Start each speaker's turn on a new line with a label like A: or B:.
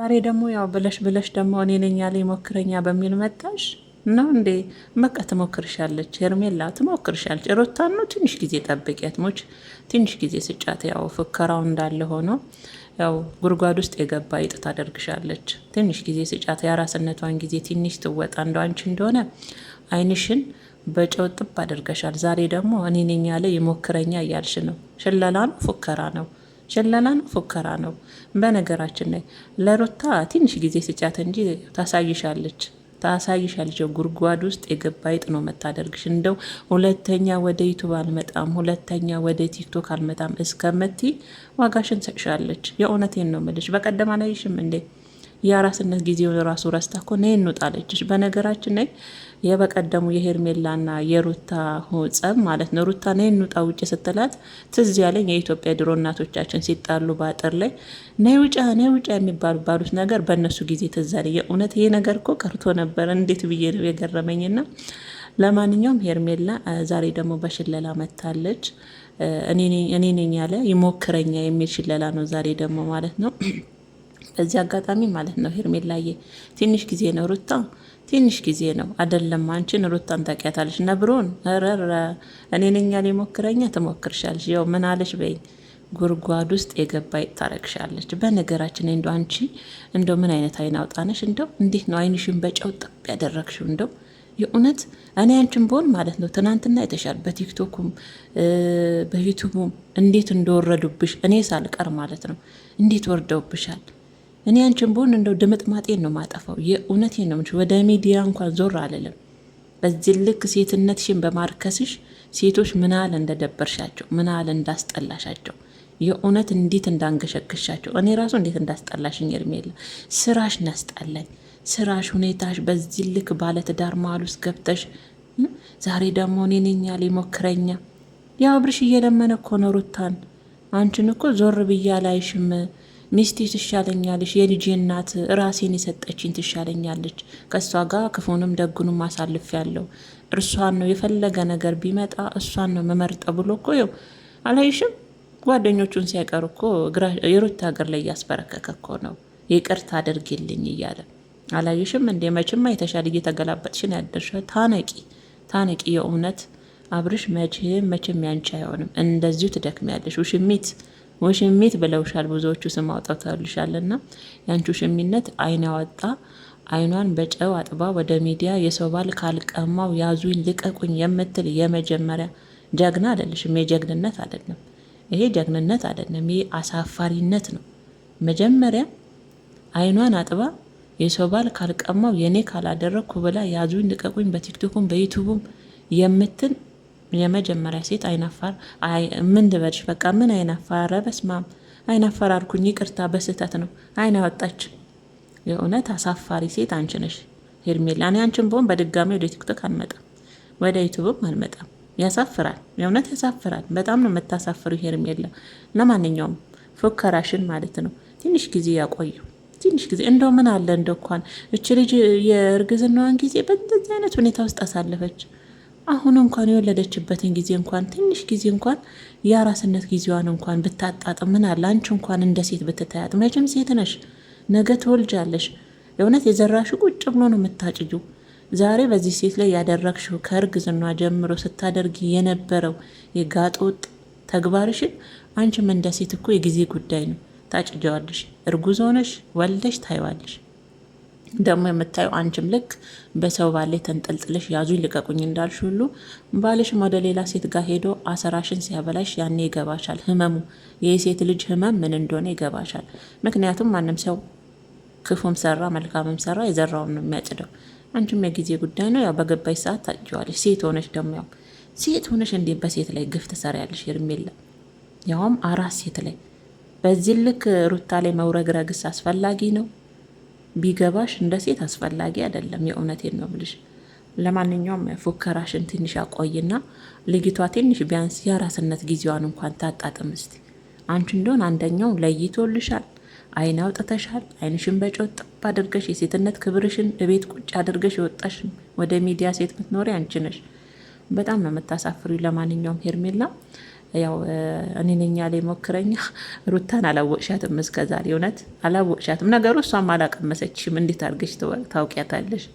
A: ዛሬ ደግሞ ያው ብለሽ ብለሽ ደግሞ እኔ ነኝ ያለ ይሞክረኛ በሚል መጣሽ ነው እንዴ? መቃ ትሞክርሻለች፣ ሄርሜላ ትሞክርሻለች። ሮታን ነው ትንሽ ጊዜ ጠብቂያት፣ ሞች ትንሽ ጊዜ ስጫት። ያው ፉከራው እንዳለ ሆኖ ያው ጉድጓድ ውስጥ የገባ ይጥ ታደርግሻለች። ትንሽ ጊዜ ስጫት፣ የአራስነቷን ጊዜ ትንሽ ትወጣ። እንደ አንቺ እንደሆነ አይንሽን በጨው ጥብ አድርገሻል። ዛሬ ደግሞ እኔ ነኝ ያለ ይሞክረኛ እያልሽ ነው። ሽለላ ነው ፉከራ ነው። ሽለላ ነው፣ ፉከራ ነው። በነገራችን ላይ ለሩታ ትንሽ ጊዜ ስጫት እንጂ ታሳይሻለች ታሳይሻለች ጉድጓድ ውስጥ የገባ ይጥ ነው መታደርግሽ። እንደው ሁለተኛ ወደ ዩቱብ አልመጣም፣ ሁለተኛ ወደ ቲክቶክ አልመጣም እስከምትይ ዋጋሽን ሰቅሻለች። የእውነቴን ነው የምልሽ። በቀደም አላይሽም እንዴ? የአራስነት ጊዜውን ራሱ ረስታ እኮ ነይ እንውጣለችሽ። በነገራችን ላይ የበቀደሙ የሄርሜላና የሩታ ጸብ ማለት ነው። ሩታ ነይ እንውጣ ውጭ ስትላት ትዝ ያለኝ የኢትዮጵያ ድሮ እናቶቻችን ሲጣሉ በአጥር ላይ ነይ ውጫ ነይ ውጫ የሚባሉ ባሉት ነገር በእነሱ ጊዜ ትዝ አለኝ። የእውነት ይሄ ነገር እኮ ቀርቶ ነበር እንዴት ብዬ ነው የገረመኝና ለማንኛውም ሄርሜላ ዛሬ ደግሞ በሽለላ መታለች። እኔ ነኝ ያለ ይሞክረኛ የሚል ሽለላ ነው ዛሬ ደግሞ ማለት ነው። በዚህ አጋጣሚ ማለት ነው ሄርሜላዬ ትንሽ ጊዜ ነው ሩታ ትንሽ ጊዜ ነው አደለም። አንቺን ሩታን ታውቂያታለሽ። ነብሮን ረረ እኔ ነኛ ሊሞክረኛ ትሞክርሻለሽ። ያው ምን አለሽ በይ ጉርጓድ ውስጥ የገባ ታረግሻለች። በነገራችን እንደ አንቺ እንደው ምን አይነት አይን አውጣነሽ እንደው እንዴት ነው አይንሽን በጨው ጠብ ያደረግሽው? እንደው የእውነት እኔ አንቺን በሆን ማለት ነው ትናንትና የተሻል በቲክቶኩም በዩቱቡም እንዴት እንደወረዱብሽ እኔ ሳልቀር ማለት ነው እንዴት ወርደውብሻል። እኔ አንቺን ብሆን እንደው ድምጥማጤን ነው ማጠፋው። የእውነት ነው። ወደ ሚዲያ እንኳን ዞር አልልም። በዚህ ልክ ሴትነትሽን በማርከስሽ ሴቶች ምናል እንደደበርሻቸው፣ ምናል እንዳስጠላሻቸው፣ የእውነት እንዴት እንዳንገሸግሻቸው፣ እኔ ራሱ እንዴት እንዳስጠላሽኝ እድሜ የለ። ስራሽ ነስጠለኝ። ስራሽ፣ ሁኔታሽ በዚህ ልክ ባለትዳር መሀል ውስጥ ገብተሽ ዛሬ ደግሞ እኔ ነኝ ያው አብርሽ እየለመነ እኮ ነው ሩታን። አንቺን እኮ ዞር ብያ ላይሽም ሚስቴ ትሻለኛለች፣ የልጄ እናት ራሴን የሰጠችኝ ትሻለኛለች። ከእሷ ጋር ክፉንም ደጉንም አሳልፍ ያለው እርሷን ነው የፈለገ ነገር ቢመጣ እሷን ነው መመርጠ ብሎ እኮ ይኸው አላይሽም። ጓደኞቹን ሲያቀር እኮ የሩት ሀገር ላይ እያስበረከከ እኮ ነው ይቅርታ አድርጊልኝ እያለ አላይሽም። እንደ መቼም የተሻለ እየተገላበጥሽን ያደርሸ ታነቂ ታነቂ። የእውነት አብርሽ መቼም መቼም ያንቺ አይሆንም። እንደዚሁ ትደክሚያለሽ ውሽሚት ወሸሚት ብለውሻል፣ ብዙዎቹ ስም አውጥተውልሻል። ና ያንቺ ውሽሚነት አይን ያወጣ አይኗን በጨው አጥባ ወደ ሚዲያ የሰው ባል ካልቀማው ያዙኝ ልቀቁኝ የምትል የመጀመሪያ ጀግና አይደለሽም። የጀግንነት አይደለም ይሄ ጀግንነት አይደለም፣ ይሄ አሳፋሪነት ነው። መጀመሪያ አይኗን አጥባ የሰው ባል ካልቀማው የኔ ካላደረግኩ ብላ ያዙኝ ልቀቁኝ በቲክቶኩም በዩቱቡም የምትል የመጀመሪያ ሴት አይናፋር ምን ልበልሽ፣ በቃ ምን አይናፋረ፣ በስማም አይናፋር አልኩኝ፣ ይቅርታ በስህተት ነው። አይን አወጣች። የእውነት አሳፋሪ ሴት አንቺ ነሽ ሄርሜላ። እኔ አንቺን በሆን በድጋሚ ወደ ቲክቶክ አልመጣም፣ ወደ ዩቱብም አልመጣም። ያሳፍራል፣ የእውነት ያሳፍራል። በጣም ነው የምታሳፍሩ ሄርሜላ። ለማንኛውም ፉከራሽን ማለት ነው ትንሽ ጊዜ ያቆየው ትንሽ ጊዜ እንደው ምን አለ እንደኳን እንኳን እች ልጅ የእርግዝናዋን ጊዜ በዚህ አይነት ሁኔታ ውስጥ አሳለፈች። አሁን እንኳን የወለደችበትን ጊዜ እንኳን ትንሽ ጊዜ እንኳን የአራስነት ጊዜዋን እንኳን ብታጣጥም ምን አለ አንቺ እንኳን እንደ ሴት ብትታያጥ። መቼም ሴት ነሽ፣ ነገ ትወልጃለሽ። እውነት የዘራሽ ቁጭ ብሎ ነው የምታጭጂው። ዛሬ በዚህ ሴት ላይ ያደረግሽው ከእርግዝና ጀምሮ ስታደርጊ የነበረው የጋጦጥ ተግባርሽን አንቺም እንደ ሴት እኮ የጊዜ ጉዳይ ነው። ታጭጀዋለሽ። እርጉዝ ሆነሽ ወልደሽ ታይዋለሽ። ደግሞ የምታየው አንቺም ልክ በሰው ባሌ ተንጠልጥለሽ ያዙኝ ልቀቁኝ እንዳልሽ ሁሉ ባልሽም ወደ ሌላ ሴት ጋር ሄዶ አሰራሽን ሲያበላሽ ያኔ ይገባሻል። ህመሙ የሴት ልጅ ህመም ምን እንደሆነ ይገባሻል። ምክንያቱም ማንም ሰው ክፉም ሰራ መልካምም ሰራ የዘራውን ነው የሚያጭደው። አንቺም የጊዜ ጉዳይ ነው። ያው በገባሽ ሰዓት ታጭዋለሽ። ሴት ሆነሽ ደግሞ ያው ሴት ሆነሽ እንዲ በሴት ላይ ግፍ ትሰሪያለሽ? ሄርሜላ ያውም አራት ሴት ላይ በዚህ ልክ ሩታ ላይ መውረግረግስ አስፈላጊ ነው? ቢገባሽ እንደ ሴት አስፈላጊ አይደለም። የእውነቴን ነው ብልሽ። ለማንኛውም ፉከራሽን ትንሽ አቆይና ልጅቷ ትንሽ ቢያንስ የራስነት ጊዜዋን እንኳን ታጣጥም እስቲ። አንቺ እንደሆን አንደኛው ለይቶልሻል፣ አይን አውጥተሻል። አይንሽን በጮጥ አድርገሽ የሴትነት ክብርሽን እቤት ቁጭ አድርገሽ የወጣሽ ወደ ሚዲያ ሴት ምትኖሪ አንቺ ነሽ። በጣም ነው የምታሳፍሪ። ለማንኛውም ሄርሜላ ያው እኔ ነኝ ያለ ሞክረኛ ሩታን አላወቅሻትም፣ እስከዛሬ እውነት አላወቅሻትም። ነገሩ እሷም አላቀመሰችም። እንዴት አድርገሽ ታውቂያታለሽ?